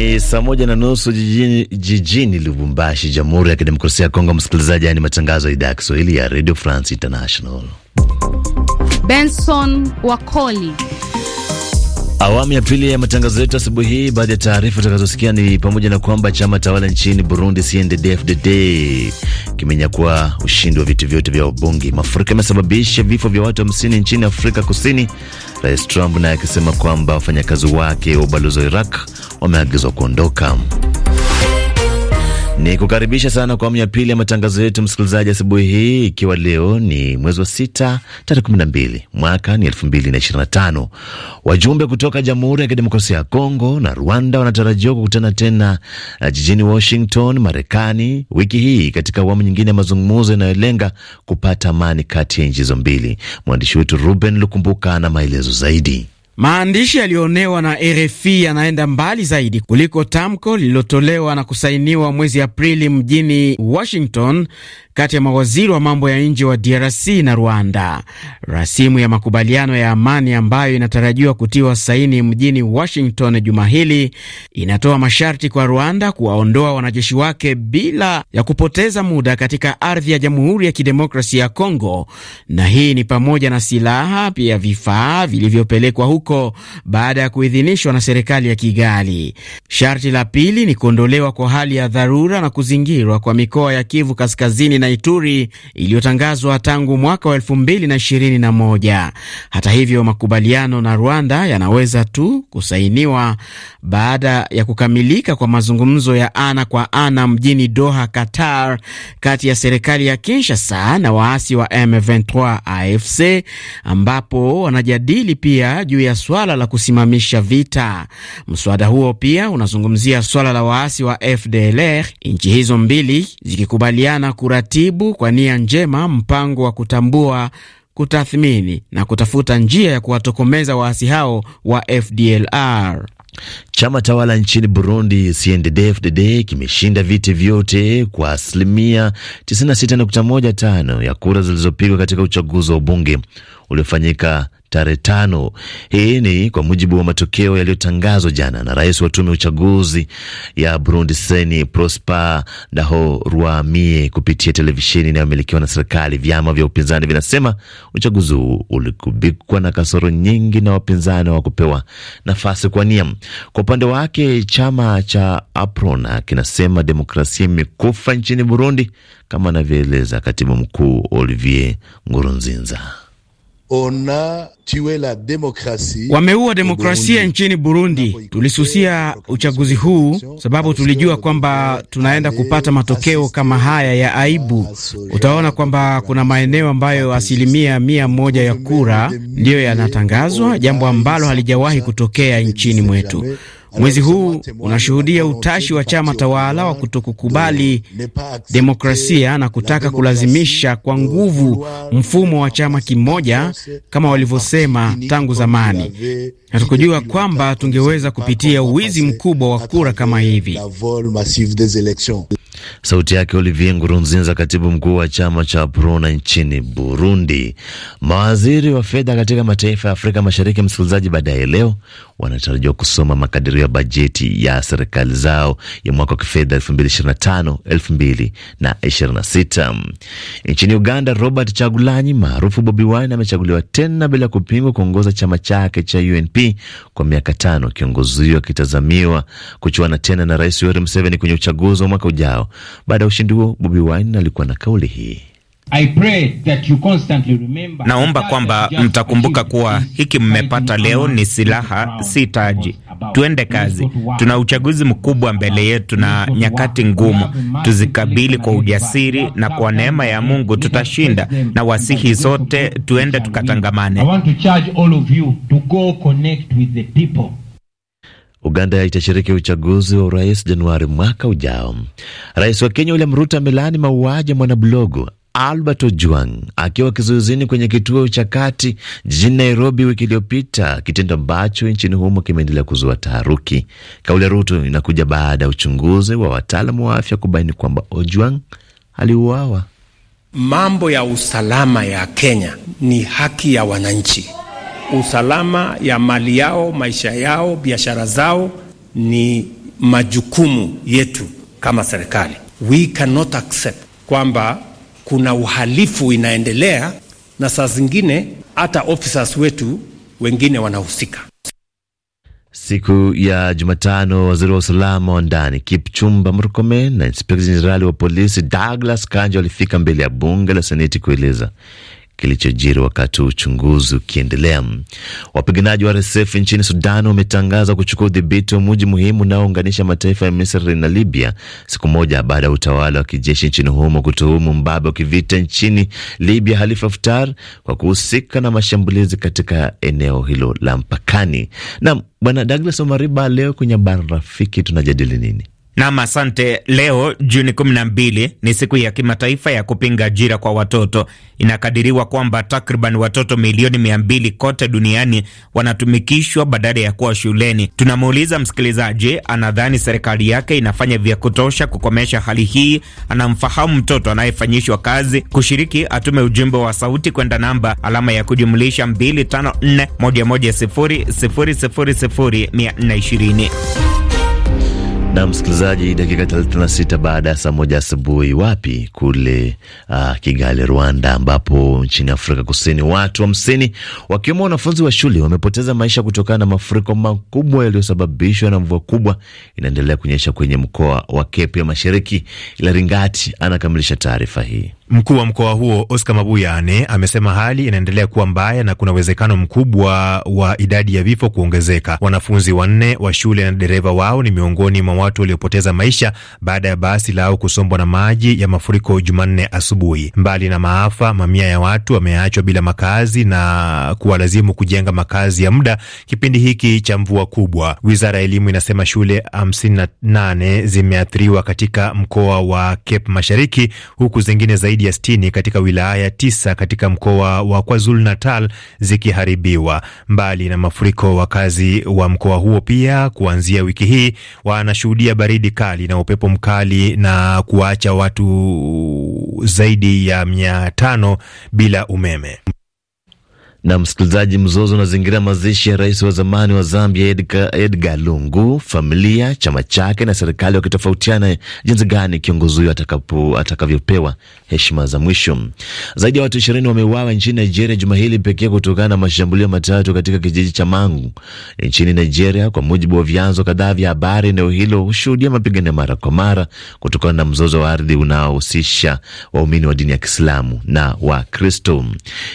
Ni saa moja na nusu jijini, jijini Lubumbashi, Jamhuri ya Kidemokrasia ya Kongo. Msikilizaji, ani matangazo ya idhaa ya Kiswahili ya Radio France International. Benson Wakoli Awamu ya pili ya matangazo yetu asubuhi hii. Baadhi ya taarifa utakazosikia ni pamoja na kwamba chama tawala nchini Burundi CNDD-FDD kimenyakua ushindi wa viti vyote vya wabunge. Mafuriko yamesababisha vifo vya watu hamsini nchini Afrika Kusini, Rais Trump naye akisema kwamba wafanyakazi wake wa ubalozi wa Iraq wameagizwa kuondoka. Ni kukaribisha sana kwa awamu ya pili ya matangazo yetu, msikilizaji, asubuhi hii, ikiwa leo ni mwezi wa sita tarehe kumi na mbili mwaka ni elfu mbili na ishirini na tano. Wajumbe kutoka Jamhuri ya Kidemokrasia ya Kongo na Rwanda wanatarajiwa kukutana tena eh, jijini Washington, Marekani, wiki hii katika awamu nyingine ya mazungumuzo yanayolenga kupata amani kati ya nchi hizo mbili. Mwandishi wetu Ruben Lukumbuka na maelezo zaidi. Maandishi yaliyoonewa na RFI yanaenda mbali zaidi kuliko tamko lililotolewa na kusainiwa mwezi Aprili mjini Washington kati ya mawaziri wa mambo ya nje wa DRC na Rwanda. Rasimu ya makubaliano ya amani ambayo inatarajiwa kutiwa saini mjini Washington juma hili inatoa masharti kwa Rwanda kuwaondoa wanajeshi wake bila ya kupoteza muda katika ardhi ya Jamhuri ya Kidemokrasia ya Kongo, na hii ni pamoja na silaha, pia vifaa vilivyopelekwa huko huko baada ya kuidhinishwa na serikali ya Kigali. Sharti la pili ni kuondolewa kwa hali ya dharura na kuzingirwa kwa mikoa ya Kivu Kaskazini na Ituri iliyotangazwa tangu mwaka wa elfu mbili na ishirini na moja. Hata hivyo, makubaliano na Rwanda yanaweza tu kusainiwa baada ya kukamilika kwa mazungumzo ya ana kwa ana mjini Doha, Qatar, kati ya serikali ya Kinshasa na waasi wa M23 AFC ambapo wanajadili pia juu ya swala la kusimamisha vita. Mswada huo pia unazungumzia swala la waasi wa FDLR, nchi hizo mbili zikikubaliana kuratibu kwa nia njema mpango wa kutambua kutathmini na kutafuta njia ya kuwatokomeza waasi hao wa FDLR. Chama tawala nchini Burundi CNDD-FDD kimeshinda viti vyote kwa asilimia 96.15 ya kura zilizopigwa katika uchaguzi wa ubunge uliofanyika tarehe tano. Hii ni kwa mujibu wa matokeo yaliyotangazwa jana na rais wa tume ya uchaguzi ya Burundi Seni Prosper Ndahorwamiye kupitia televisheni inayomilikiwa na serikali. Vyama vya upinzani vinasema uchaguzi huu ulikubikwa na kasoro nyingi na wapinzani wa kupewa nafasi kwa nia. Kwa upande wake, chama cha Aprona kinasema demokrasia imekufa nchini Burundi, kama anavyoeleza katibu mkuu Olivier Ngurunzinza. Wameua demokrasia Nchini Burundi tulisusia uchaguzi huu sababu tulijua kwamba tunaenda kupata matokeo kama haya ya aibu. Utaona kwamba kuna maeneo ambayo asilimia mia moja ya kura ndiyo yanatangazwa, jambo ambalo halijawahi kutokea nchini mwetu. Mwezi huu unashuhudia utashi wa chama tawala wa kutokukubali demokrasia na kutaka kulazimisha kwa nguvu mfumo wa chama kimoja kama walivyosema tangu zamani. Hatukujua kwamba tungeweza kupitia uwizi mkubwa wa kura kama hivi. Sauti yake Olivier Ngurunzinza, katibu mkuu wa chama cha Bruna nchini Burundi. Mawaziri wa fedha katika mataifa ya Afrika Mashariki, msikilizaji, baadaye leo wanatarajiwa kusoma makadirio ya bajeti ya serikali zao ya mwaka wa kifedha 2025 2026. Nchini Uganda, Robert Chagulanyi maarufu Bobi Wine amechaguliwa tena bila kupingwa kuongoza chama chake cha UNP kwa miaka tano, kiongozi huyo akitazamiwa kuchuana tena na Rais Yoweri Museveni kwenye uchaguzi wa mwaka ujao baada ya ushindi huo, Bobi Wine alikuwa na kauli hii: I pray that you constantly remember, naomba kwamba mtakumbuka kuwa hiki mmepata leo ni silaha, si taji. Tuende kazi, tuna uchaguzi mkubwa mbele yetu na nyakati ngumu, tuzikabili kwa ujasiri, na kwa neema ya Mungu tutashinda. Na wasihi zote tuende tukatangamane. I want to charge all of you to go connect with the people. Uganda itashiriki uchaguzi wa urais Januari mwaka ujao. Rais wa Kenya William Ruto amelaani mauaji ya mwanablogu Albert Ojwang akiwa kizuizini kwenye kituo cha kati jijini Nairobi wiki iliyopita, kitendo ambacho nchini humo kimeendelea kuzua taharuki. Kauli ya Ruto inakuja baada ya uchunguzi wa wataalamu wa afya kubaini kwamba Ojwang aliuawa. Mambo ya usalama ya Kenya ni haki ya wananchi usalama ya mali yao, maisha yao, biashara zao ni majukumu yetu kama serikali. We cannot accept kwamba kuna uhalifu inaendelea na saa zingine hata officers wetu wengine wanahusika. Siku ya Jumatano, waziri wa usalama wa ndani Kipchumba Murkomen na inspekta jenerali wa polisi Douglas Kanja walifika mbele ya bunge la Seneti kueleza kilichojiri wakati uchunguzi ukiendelea. Wapiganaji wa RSF nchini Sudan wametangaza kuchukua udhibiti wa mji muhimu unaounganisha mataifa ya Misri na Libya, siku moja baada ya utawala wa kijeshi nchini humo kutuhumu mbabe wa kivita nchini Libya Halifa Haftar kwa kuhusika na mashambulizi katika eneo hilo la mpakani. Nam Bwana Douglas Omariba, leo kwenye Bara Rafiki tunajadili nini? Nam, asante. Leo Juni 12 ni siku ya kimataifa ya kupinga ajira kwa watoto. Inakadiriwa kwamba takriban watoto milioni 200 kote duniani wanatumikishwa badala ya kuwa shuleni. Tunamuuliza msikilizaji, anadhani serikali yake inafanya vya kutosha kukomesha hali hii? Anamfahamu mtoto anayefanyishwa kazi? Kushiriki atume ujumbe wa sauti kwenda namba alama ya kujumlisha 2541100000420. Na msikilizaji, dakika 36 baada ya saa moja asubuhi. Wapi? Kule uh, Kigali, Rwanda, ambapo nchini Afrika Kusini watu hamsini wa wakiwemo wanafunzi wa shule wamepoteza maisha kutokana na mafuriko makubwa yaliyosababishwa na mvua kubwa inaendelea kunyesha kwenye mkoa wa Kepe ya Mashariki. Ilaringati anakamilisha taarifa hii. Mkuu wa mkoa huo Oscar Mabuyane amesema hali inaendelea kuwa mbaya na kuna uwezekano mkubwa wa idadi ya vifo kuongezeka. Wanafunzi wanne wa shule na dereva wao ni miongoni mwa watu waliopoteza maisha baada ya basi lao kusombwa na maji ya mafuriko Jumanne asubuhi. Mbali na maafa, mamia ya watu wameachwa bila makazi na kuwalazimu kujenga makazi ya muda kipindi hiki cha mvua kubwa. Wizara ya elimu inasema shule 58 zimeathiriwa katika mkoa wa Cape Mashariki, huku zingine zaidi zaidi ya 60 katika wilaya tisa katika mkoa wa KwaZulu Natal zikiharibiwa. Mbali na mafuriko, wakazi wa mkoa huo pia kuanzia wiki hii wanashuhudia baridi kali na upepo mkali na kuwaacha watu zaidi ya mia tano bila umeme. Na msikilizaji, mzozo unazingira mazishi ya rais wa zamani wa Zambia Edgar, Edgar Lungu, familia, chama chake na serikali wakitofautiana jinsi gani kiongozi huyo atakavyopewa heshima za mwisho. Zaidi ya watu ishirini wameuawa nchini Nigeria juma hili pekee kutokana na mashambulio matatu katika kijiji cha Mangu nchini Nigeria. Kwa mujibu wa vyanzo kadhaa vya habari, eneo hilo hushuhudia mapigano mara kwa mara kutokana na mzozo wa ardhi unaohusisha waumini wa dini ya Kiislamu na Wakristo.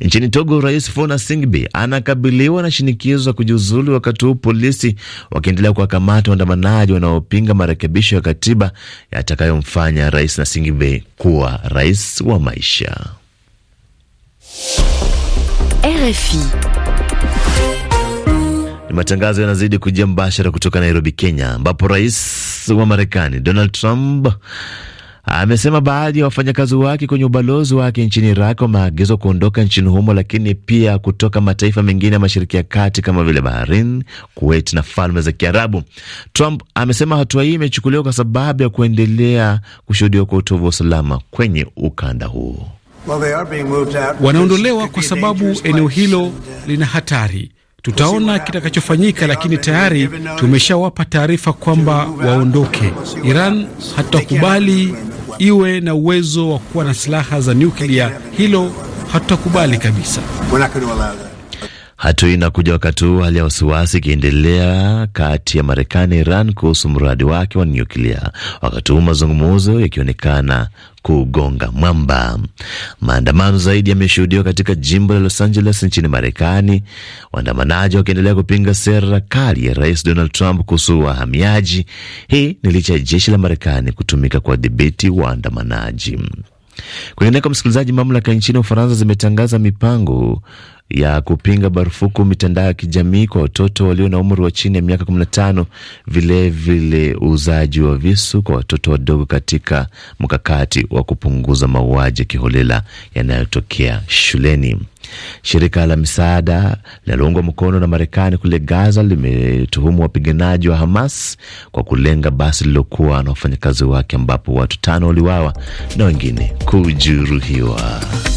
Nchini Togo, rais Miguna Singbi anakabiliwa na shinikizo ya kujiuzulu, wakati huu polisi wakiendelea kuwakamata waandamanaji wanaopinga marekebisho ya katiba yatakayomfanya rais Nasingbe kuwa rais wa maisha. RFI ni matangazo yanazidi kujia mbashara kutoka Nairobi, Kenya, ambapo rais wa Marekani Donald Trump amesema baadhi ya wafanyakazi wake kwenye ubalozi wake nchini Iraq wameagizwa kuondoka nchini humo, lakini pia kutoka mataifa mengine ya Mashariki ya Kati kama vile Bahrain, Kuwait na Falme za Kiarabu. Trump amesema hatua hii imechukuliwa kwa sababu ya kuendelea kushuhudiwa kwa utovu wa usalama kwenye ukanda huo. Wanaondolewa kwa sababu eneo hilo uh, lina hatari. Tutaona kitakachofanyika, lakini tayari tumeshawapa taarifa kwamba waondoke. Iran hatakubali iwe na uwezo wa kuwa na silaha za nyuklia. Hilo hatutakubali kabisa. Hatua inakuja wakati huu hali ya wasiwasi ikiendelea kati ya Marekani Iran kuhusu mradi wake wa nyuklia, wakati huu mazungumuzo yakionekana kugonga mwamba. Maandamano zaidi yameshuhudiwa katika jimbo la Los Angeles nchini Marekani, waandamanaji wakiendelea kupinga sera kali ya Rais Donald Trump kuhusu wahamiaji. Hii ni licha ya jeshi la Marekani kutumika kuwadhibiti waandamanaji. Kwengeneko msikilizaji, mamlaka nchini Ufaransa zimetangaza mipango ya kupinga marufuku mitandao ya kijamii kwa watoto walio na umri wa chini ya miaka 15, vilevile uuzaji wa visu kwa watoto wadogo katika mkakati wa kupunguza mauaji ya kiholela yanayotokea shuleni. Shirika la misaada linaloungwa mkono na Marekani kule Gaza limetuhumu wapiganaji wa Hamas kwa kulenga basi lililokuwa na wafanyakazi wake, ambapo watu tano waliwawa na wengine kujeruhiwa.